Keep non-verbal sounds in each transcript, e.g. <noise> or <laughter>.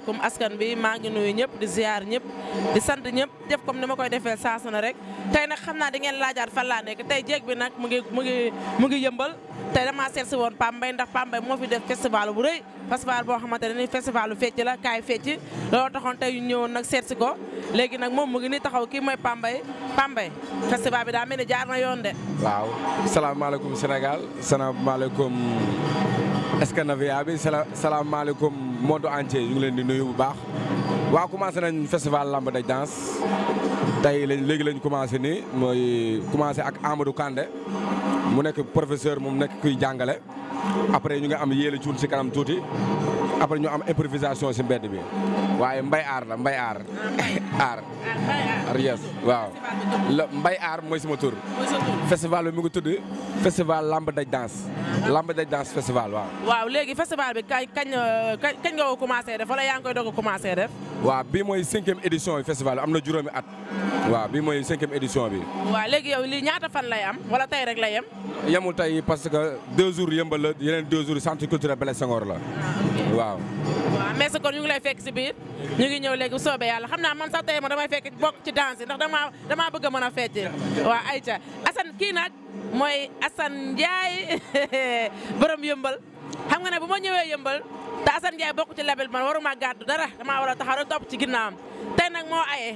asalaamaaleykum askan bi maa ngi ñëpp di ziar ñëpp di sant ñëpp def comme ni ma koy defee saasu na rek tey nag xam naa da ngeen laajaat fan laa nekk tey jéeg bi nag mu ngi mu ngi mu ngi yëmbal tey damaa seet si woon Pambay ndax Pambay moo fi def festival bu rëy festival boo xamante ne ni festival bu fecc la kaay fecc looloo taxoon tey ñu ñëwoon nag seet si ko léegi nag moom mu ngi ni taxaw kii mooy Pambay Pambay festival bi daa mel ne jaar na yoon de. waaw salaamaaleykum Sénégal salaamaaleykum Escandinavia bi salaamaaleykum. moo monde entier ñu ngi leen di nuyu bu baax waaw commencé nañ festival Lamb Daj Danse tey lañ léegi lañ commencé nii mooy commencé ak Amadou Kandé mu nekk professeur moom nekk kuy jàngale après ñu ngi am yéele cuun si kanam tuuti après ñu am improvisation si mbedd bi waaye mbay aar la mbay aar <laughs> aar aar yes waaw la mbay aar mooy sama tur festival bi mu ngi tudd festival lamb daj danse uh-huh. lamb daj danse festival waaw waaw léegi festival bi kañ euh, kañ kañ nga ko commencé def wala yaa ngi koy doog a commencé def waaw bi mooy cinquième édition bi festival am na juróomi at waaw bi mooy cinquième édition bi waaw léegi yow lii ñaata fan lay am wala tey rek la yem yemul tey parce que deux jours yëmbal la yeneen deux jours centre culturel Blaise Senghor waaw waaw merci kon ñu ngi lay fekk si biir ñu ngi ñëw léegi bu soobee yàlla xam naa man sax tey ma damay fekk bokk ci danse ndax damaa damaa bëgg a mën a fecc waaw Aïcha kii nag mooy Assane Ndiaye <laughs> borom yëmbal xam nga ne bu ma ñëwee yëmbal te Assane Ndiaye bokk ci label man waruma gàddu dara damaa war a taxaw rek topp ci ginnaawam nag moo aye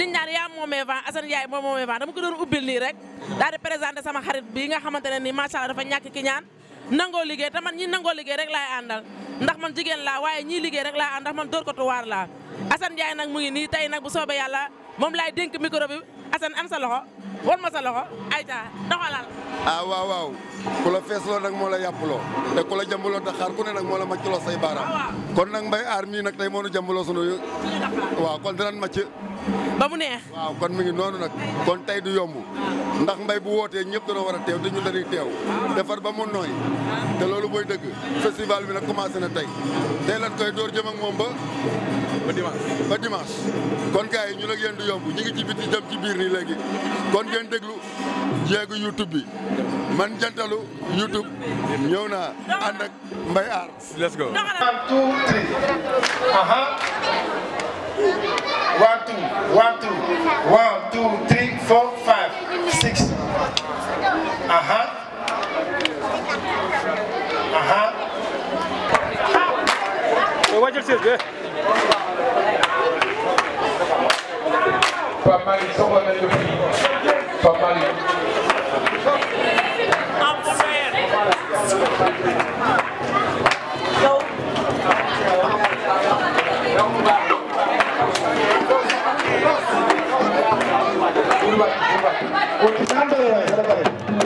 liñ naan yaa moomee vent Assane Ndiaye moo moomee vent dama ko doon ubbil nii rek daal di présenté sama xarit bi yi nga xamante ne nii macha allah dafa ki ñaan nangoo liggéey te man ñi nangoo liggéey rek laay àndal ndax man jigéen laa waaye ñii liggéey rek laay àndal ndax man dóorkatu waar laa Assane Ndiaye nag mu ngi nii tey nag bu soobee yàlla moom laay dénk micro bi Assane am sa loxo won ma sa loxo ayca doxalal ah waaw waaw ku la feesloo nag moo la yàppuloo te ku la jàmbaloo taxaar ku ne nag moo la màccloo say baaraam ah, kon nag mbay aar nag tey moo nu jàmbaloo sunu waaw kon dinañ màcc ba mu neex. waaw kon mi ngi noonu nag kon tey du yomb ndax mbay bu wootee ñëpp dañoo war a teew te ñu dañuy teew defar ba mu nooy te loolu mooy dëgg festival bi nag commencé na tey tey lan koy door jëm ak moom ba. ba dimanche kon gars ñu nag yéen du yomb ñu ngi ci biti jëm ci biir nii léegi kon ngeen déglu jéegu YouTube bi man jantalu YouTube ñëw naa ànd ak Mbaye Aar. let's go. One, two, one, two, one, two, three, four, five, six. Uh-huh. Uh-huh. Hey, watch yourself, yeah. Pas mal, ils sont pas mal depuis. Pas mal. Up bul wàcc bul wàcc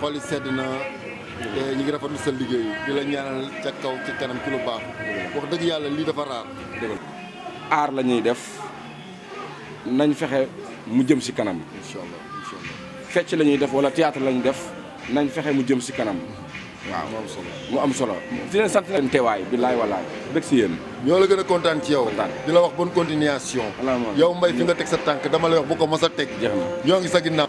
xol yi sedd na te ñu ngi rafetlu sa liggéey di la ñaanal ca kaw ci kanam ci lu baax. wax dëgg yàlla lii dafa raar. aar la ñuy def nañ fexe mu jëm si kanam. incha allah incha allah fecc la ñuy def wala théâtre la ñuy def nañ fexe mu jëm si kanam. waaw mu am solo mu am solo. di leen sant leen teewaay billaay walaay bëgg si yéen. ñoo la gën a kontaan ci yow. di la wax bonne continuation. yow Mbaye fi nga teg sa tànk dama lay wax bu ko mos a teg. jeex ñoo ngi sa ginnaaw.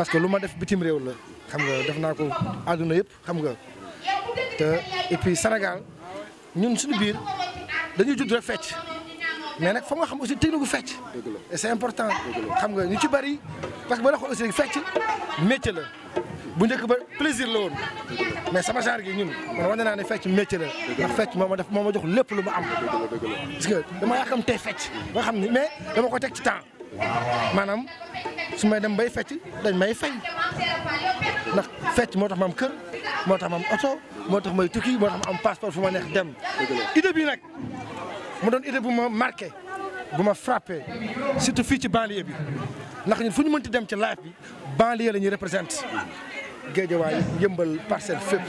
parce que lu ma def bitim réew la xam nga def naa ko àdduna yëpp xam nga te et puis senegal ñun suñu biir dañuy judd rek fecc mais nag foog nga xam aussi technique gu fecc. et c'est important. nga ñu ci bari parce que boo xool aussi fecc métier la bu njëkk ba plaisir la woon mais sama genre gi ñun man wane naa ne fecc métier la fecc moo ma def moo ma jox lépp lu ma am. parce que dama yàkkamtee fecc. ba xam ni mais dama ko teg ci temps. maanaam su may dem bay fecc dañ may fay ndax fecc moo tax ma am kër moo tax ma am oto moo tax may tukki moo tax ma am passeport fu ma neex dem. idée bi nag mu doon idée bu ma marqué bu ma frappé surtout fii ci banlieue bi ndax ñun fu ñu mënti dem ci laaj bi banlieue la ñuy représenté. géejawaay yëmbal parcelle fépp.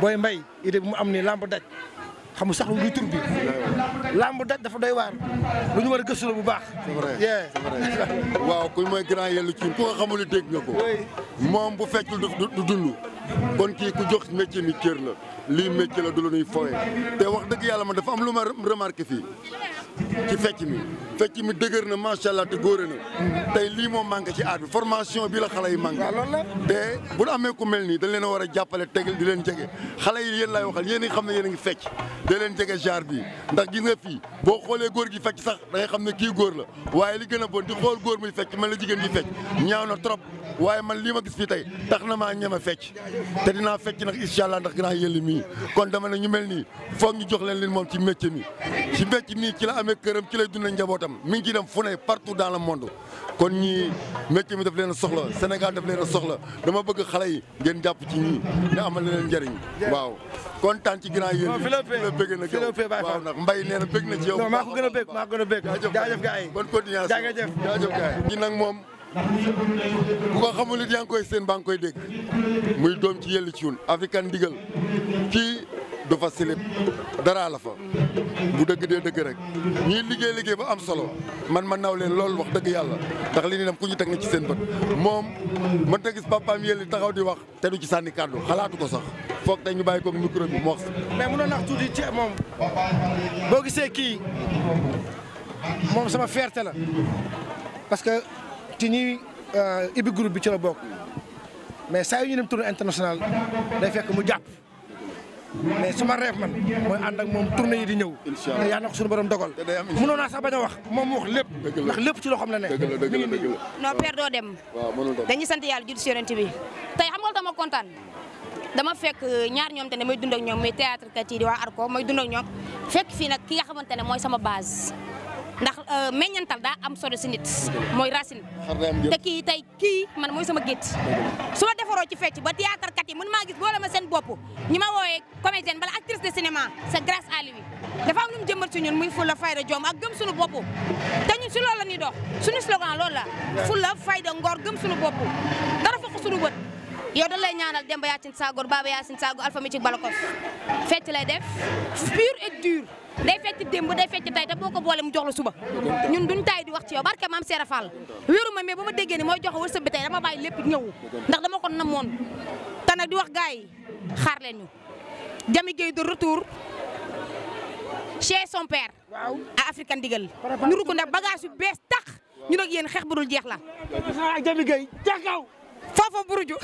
booy mbay idée bi mu am nii làmb daj. xamu sax lu tur bi. làmb daj dafa doy waar. lu ñu war a gëstu bu baax. c'est vrai c'est waaw kuy mooy grand yellu ci ku nga xamul ne dégg nga ko. moom bu fekkul du dund. kon kii ku jox métier mi cër la lii métier la du lu ñuy fowee te wax dëgg yàlla man dafa am lu ma remarqué fii. ci fecc mi fecc mi dëgër na macha allah te góore na tey lii moo manqué ci aar bi formation bi la xale yi manqué te bu amee ku mel nii dañ leen a war a jàppale tegal di leen jege xale yi yéen laay waxal yéen ngi xam ne yéen a ngi fecc da leen jege genre bi ndax gis nga fii boo xoolee góor gi fecc sax da xam ne kii góor la waaye li gën a bon di xool góor muy fecc man la jigéen di fecc ñaaw na trop waaye man lii ma gis fii tey tax na maa ñeme fecc te dinaa fecc nag incha allah ndax dinaa yëlli mii kon dama ne ñu mel nii foog ñu jox leen leen moom ci métier mi ci métier mi ci la amee këram ci lay dundal njabootam mi ngi ciy dem fu ne partout dans le monde kon ñii métier mi daf leen soxla Sénégal daf leen a soxla dama bëgg xale yi ngeen jàpp ci ñii ñu amal leen njëriñ waaw kontaan ci ginnaaw yéen fi la bëgg na waaw ndax mbay nee na bëgg na ci yow maa ko gën a bëgg maa ko gën a bëgg jaajëf gars yi bonne continuation jaajëf jaajëf gars yi nag moom bu ko xamul it yaa ngi koy seen baa ngi koy dégg muy doom ci yelli ci yun african ndigal kii du fa silib daraa la fa bu dëgg dee dëgg rek ñuy liggéey liggéey ba am solo man ma naw leen wax dëgg yàlla ndax li ñu dem ku ñu teg na ci seen bët moom mën ta gis papaam yéen taxaw di wax te du ci sànni kàddu xalaatu ko sax foog tey ñu bàyyi ko micro bi mu wax mais mënoon nax tuuti ci moom boo gisee kii moom sama fierté la parce que ci ñuy ibbi euh, groupe bi ci la bokk mais saa yu ñu dem tournée international day fekk mu jàpp mais sama rêve man mooy ànd ak moom tournée yi di ñëw te yaa na ko a wax moom mu wax lépp ndax lépp ci loo xam ne ne non doo dem dañuy sant yàlla jul si bi tey xam nga dama kontaan dama fekk euh, ñaar ñoom te ne may dund ak ñoom muy théâtre kat yi di waa arko may dund ñoom fekk fii nag ki nga ne mooy sama base ndax euh, meññantal daa am solo si nit mooy racine te kii tey kii man mooy sama gétt su ma defaroo ci fecc ba théâtre kat yi mën maa gis boole ma seen bopp ñi ma wooyee comédienne bala actrice de cinéma c'est grâce à lui dafa am lu mu jëmbat si ñun muy fulla fayda joom ak gëm suñu bopp te ñun si loolu la ñuy dox suñu slogan loolu la fulla fayda ngor gëm suñu bopp dara fokk suñu bët yow da lay ñaanal Demba Yacine Sagor Baba Yacine Sagor Alpha Michik Balakos fecc lay def pur et dur day fecc démb day fecc tay te boo ko boole mu jox la suba ñun duñ tay di wax ci yow barke maam Seera Fall wéru ma mais ba ma déggee mooy joxe wërsëg bi tay dama bàyyi lépp ñëw ndax dama ko namoon te nag di wax gars yi xaar leen ñu Jami Gueye de retour chez son père à African Ndigal ñu rukk nag bagage yu bees tax ñu nag yéen xeex bu dul jeex la Jami Gueye taxaw foofa buruju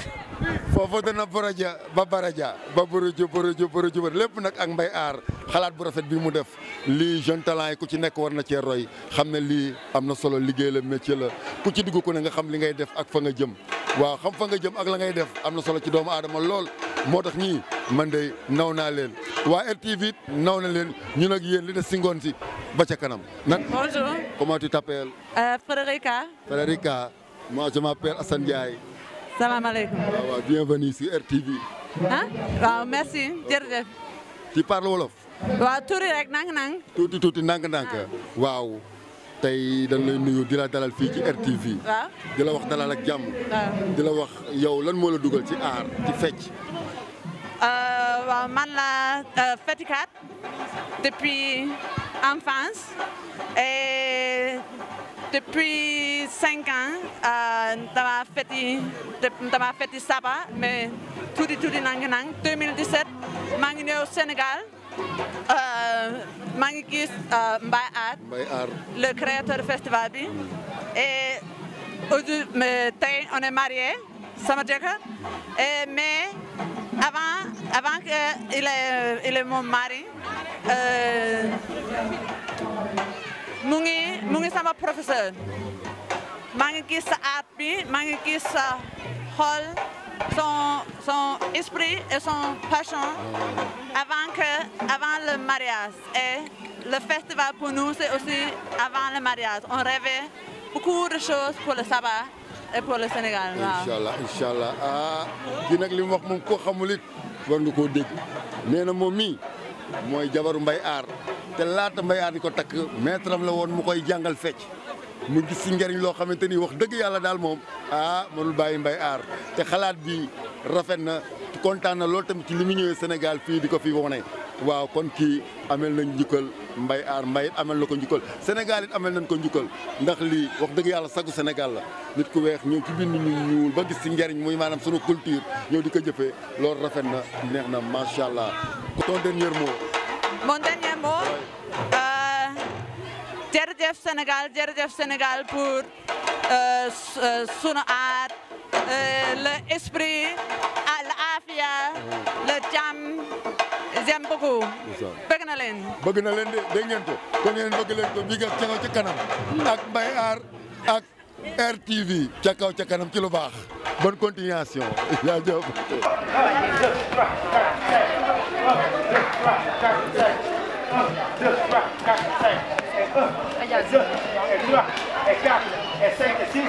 foofa dana baraja ba baraja ba buruju buruju buruju ba lépp nag ak mbay aar xalaat bu rafet bi mu def lii jeune talent ku ci nekk war na cee roy xam ne lii solo liggéey la métier la ku ci dugg ku ne nga xam li ngay def ak fa nga jëm waaw xam fa nga jëm ak la ngay def am solo ci doomu aadama lool moo tax ñii man de naw naa leen waa RTV it naw na leen ñun ak yéen li des si ngoon ba ca kanam. nan bonjour comment tu t'appelles. Euh, Frédérica. Frédérica moi je m'appelle Assane Ndiaye. salaamaaleykum. waaw ah, waaw bienvenue sur RTV. waaw merci jërëjëf. ci parle wolof. waaw tuuti rek nang-nang. tuuti tuuti nang nank waaw tey dañ lay nuyu di la dalal fii ci RTV. waaw di la wax dalal ak jàmm. di la wax yow lan moo la dugal ci aar ci fecc. Euh, waaw man la euh, feccikat depuis enfance depuis 5 ans, euh, dans des dans ma fête sabbat, mais tout et tout de 2017, je suis au Sénégal. Euh, suis euh, Mbaye le créateur du festival. Et aujourd'hui, on est mariés, ça me dit Mais avant, avant qu'il est, il est mon mari, euh, mu ngi professeur sa son esprit et son passion avant que avant le mariage et le festival pour nous c'est aussi avant le mariage on rêvait beaucoup de choses pour le sabbat et pour le Sénégal Inshallah, inshallah. Ah, mooy jabaru mbay aar te laata mbay aar di ko takk maître am la woon mu koy jàngal fecc mu gis si njëriñ loo xamante ni wax dëgg yàlla daal moom ah mënul bàyyi mbay aar te xalaat bi rafet na kontaan na loolu tamit ci li mu ñëwee Sénégal fii di ko fi wone waaw kon kii amel nañ njukkal mbay aar mbay it amel na ko njukkal Sénégal it amel ko njukkal ndax li wax dëgg yàlla sagu Sénégal la nit ku weex ñëw ci bind ñu ñuul ba gis ci njariñ muy maanaam sunu culture ñëw di ko jëfee loolu rafet na neex na macha allah. ton dernier mot. mon dernier mot. Euh, jërëjëf Sénégal jërëjëf Sénégal pour euh, euh, sunu aar l'esprit. beaucoup. bëgg na leen. bëgg na leen de dégg ngeen ko kon ngeen bëgg leen ko Bigas ca kaw ca kanam. ak Mbaye Aar ak RTV ca kaw ca kanam ci lu baax. bonne continuation. jaajëf. et 2, et 3, et 4, et 5, et 6, et...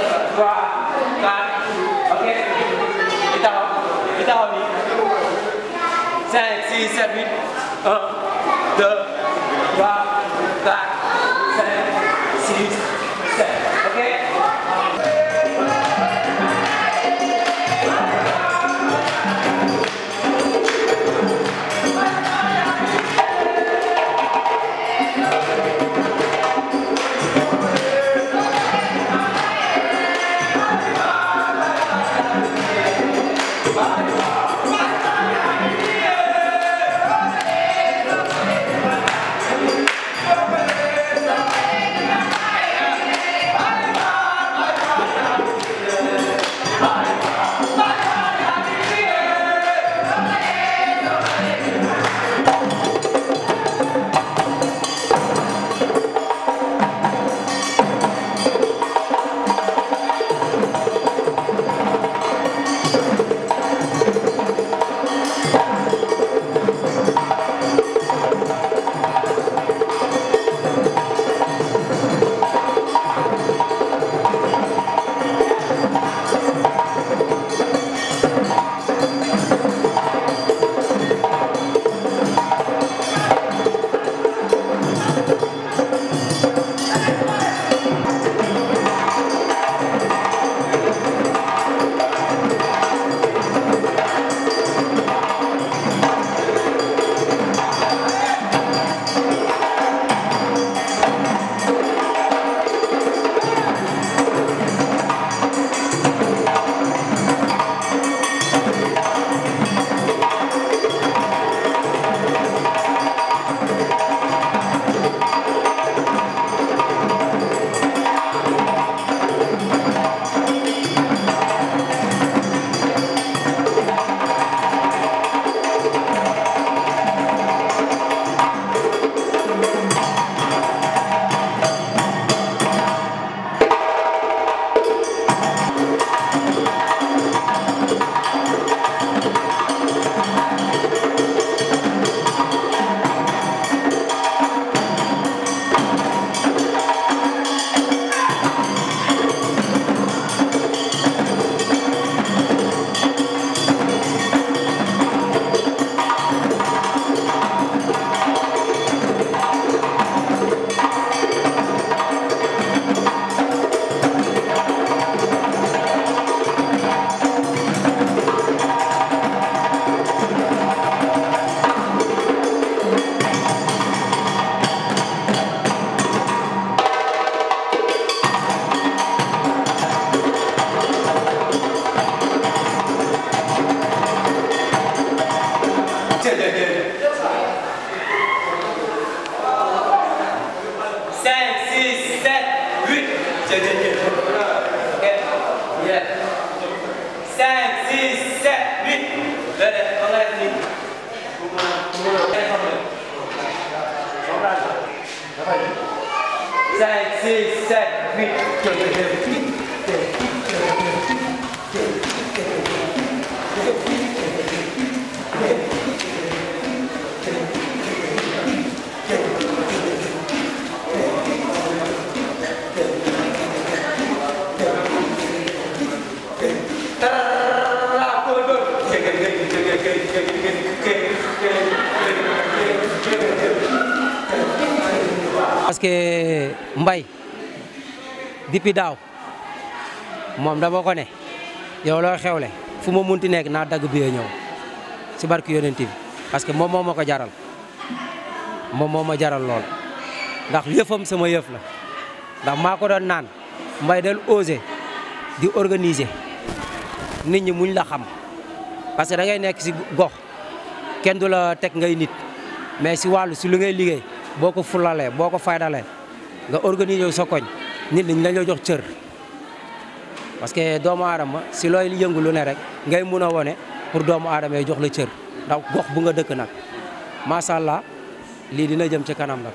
5, 6, 7, 8, 1, 2, 3, 4. depuis daaw moom dama ko ne yow loo xewle fu ma munti nekk naa dagg bi ñëw si barki yonent bi parce que moom moo ma ko jaral moom moo ma jaral lool ndax yëfam sama yëf la ndax maa ko doon naan mbay del osé di organiser nit ñi muñ la xam parce que da ngay nekk si gox kenn du la teg ngay nit mais si wàllu si lu ngay liggéey boo ko fulalee boo ko faydalee nga organiser sa koñ nit ñi dañoo jox cër parce que doomu aadama si looy yëngu lu ne rek ngay mun a wone pour doomu aadama yi jox la cër ndax gox bu nga dëkk nag macha allah lii dina jëm ci kanam nag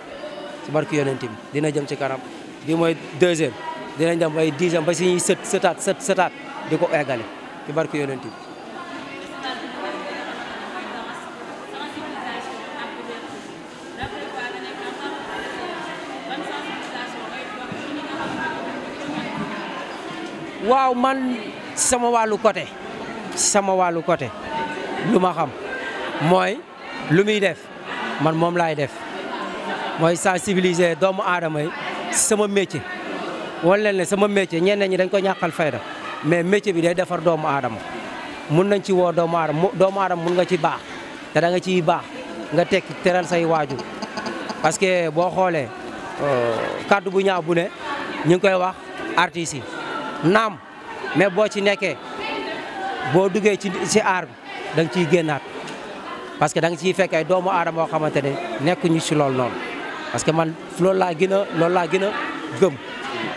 si barki yonent dina jëm ci kanam bi mooy deuxième dinañ dem ay dixième ba suñuy sët sëtaat sët sëtaat di ko eggale ci barki yonent waaw man sama wàllu côté sama wàllu côté lu ma mooy lu muy def man moom laay def mooy sensibiliser doomu aadama yi sama métier wala leen ne sama métier ñenn ñi dañ ko ñàkkal fayda mais métier bi day defar doomu aadama mun nañ ci woo doomu aadama doomu aadama mun nga ci baax te da nga ciy baax nga tekk teral say waajur parce que boo xoolee euh, kaddu bu ñaaw bu ne ñu ngi koy wax artistes naam mais boo ci nekkee boo duggee ci ci aar bi da ciy génnaat parce que da nga ciy fekk ay doomu aadama yoo xamante ne nekkuñu ci lool noonu parce que man loolu laa gën a loolu laa gën a gëm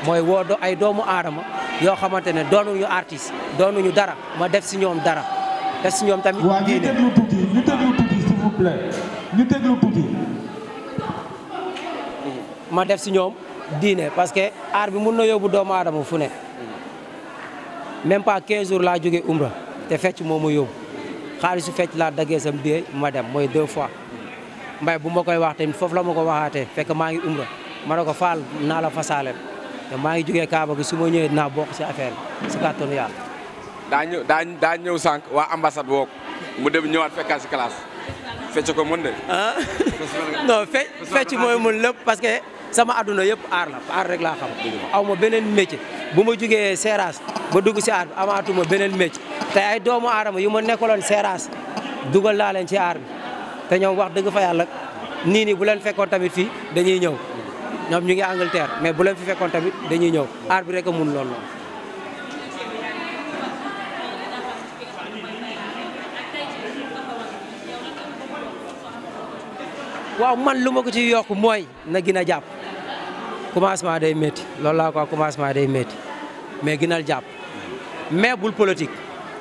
mooy woo ay doomu aadama yoo xamante ne doonuñu artiste doonuñu dara ma def si ñoom dara def ci ñoom tamit. waaw ma def si ñoom diine parce que aar bi mun na yóbbu doomu aadama fu ne. même pas 15 jours laa jógee umra te fecc moo ma yóbbu xaalisu fecc laa daggee sam biee ma dem mooy deux fois mbay bu ma koy wax tamit foofu la ma ko waxaatee fekk maa ngi umra ma ne ko faal naa la fa fasaaleel te maa ngi jógee Kaaba gi su ma ñëwee naa bokk si affaire bi si kàttanu yàlla daa ñëw daa daa ñëw sànq waa ambassade woo mu dem ñëwaat fekkaat si classe fecc ko mën de ah. <laughs> non fecc mooy mun lépp parce sama àdduna yëpp aar la aar rek laa xam aw ma beneen métier bu ma jugee seeraas ba dugg si aar bi amaatuma beneen métier te ay doomu aadama yu ma nekkoloon seeraas dugal naa leen ci aar bi te ñoom wax dëgg fa yàlla nii nii bu leen fekkoon tamit fi dañuy ñëw ñoom ñu ngi Angleterre mais bu leen fi fekkoon tamit dañuy ñëw aar bi rek a mun loolu waaw man lu ma ko ci yokk mooy na gën a jàpp commencement day métti loolu laa ko commencement day métti mais ginal jàpp mais bul politique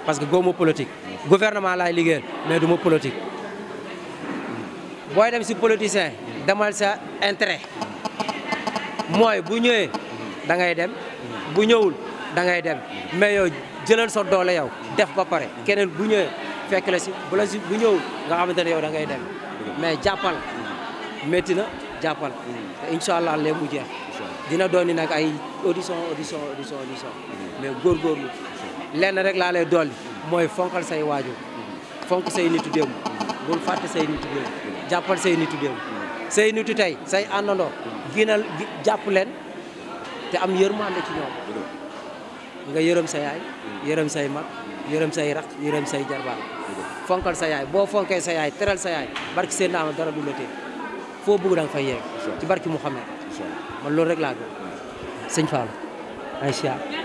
parce que góobu ma politique gouvernement laay liggéeyal mais du ma booy dem si politicien demal sa intérêt mooy bu ñëwee da ngay dem bu ñëwul da ngay dem mais yow jëlal sa doole yow def ba pare keneen bu ñëwee fekk la si bu si bu ñëwul nga xamante ne yow da ngay dem mais jàppal métti na jàppal. Mm. te incha allah léegi jeex. dina dooni nag ay audition audition audition audition. Mm. mais góorgóorlu. lenn rek laa lay dolli. Mm. mooy fonkal say waajur. fonk say nitu démb. bul fàtte say nitu démb. jàppal say nitu démb. say nitu tey say àndandoo. ginal jàpp leen te am yërmande ci ñoom. nga yërëm sa yaay. yërëm say mag. yërëm say rakk yërëm say jarbaal. fonkal sa yaay boo fonkee sa yaay teral sa yaay barki seen naama dara du la foo bëgg da nga fay yegg. ci barki Mouhamed. man loolu rek laa gëm. sëñ Fall. incha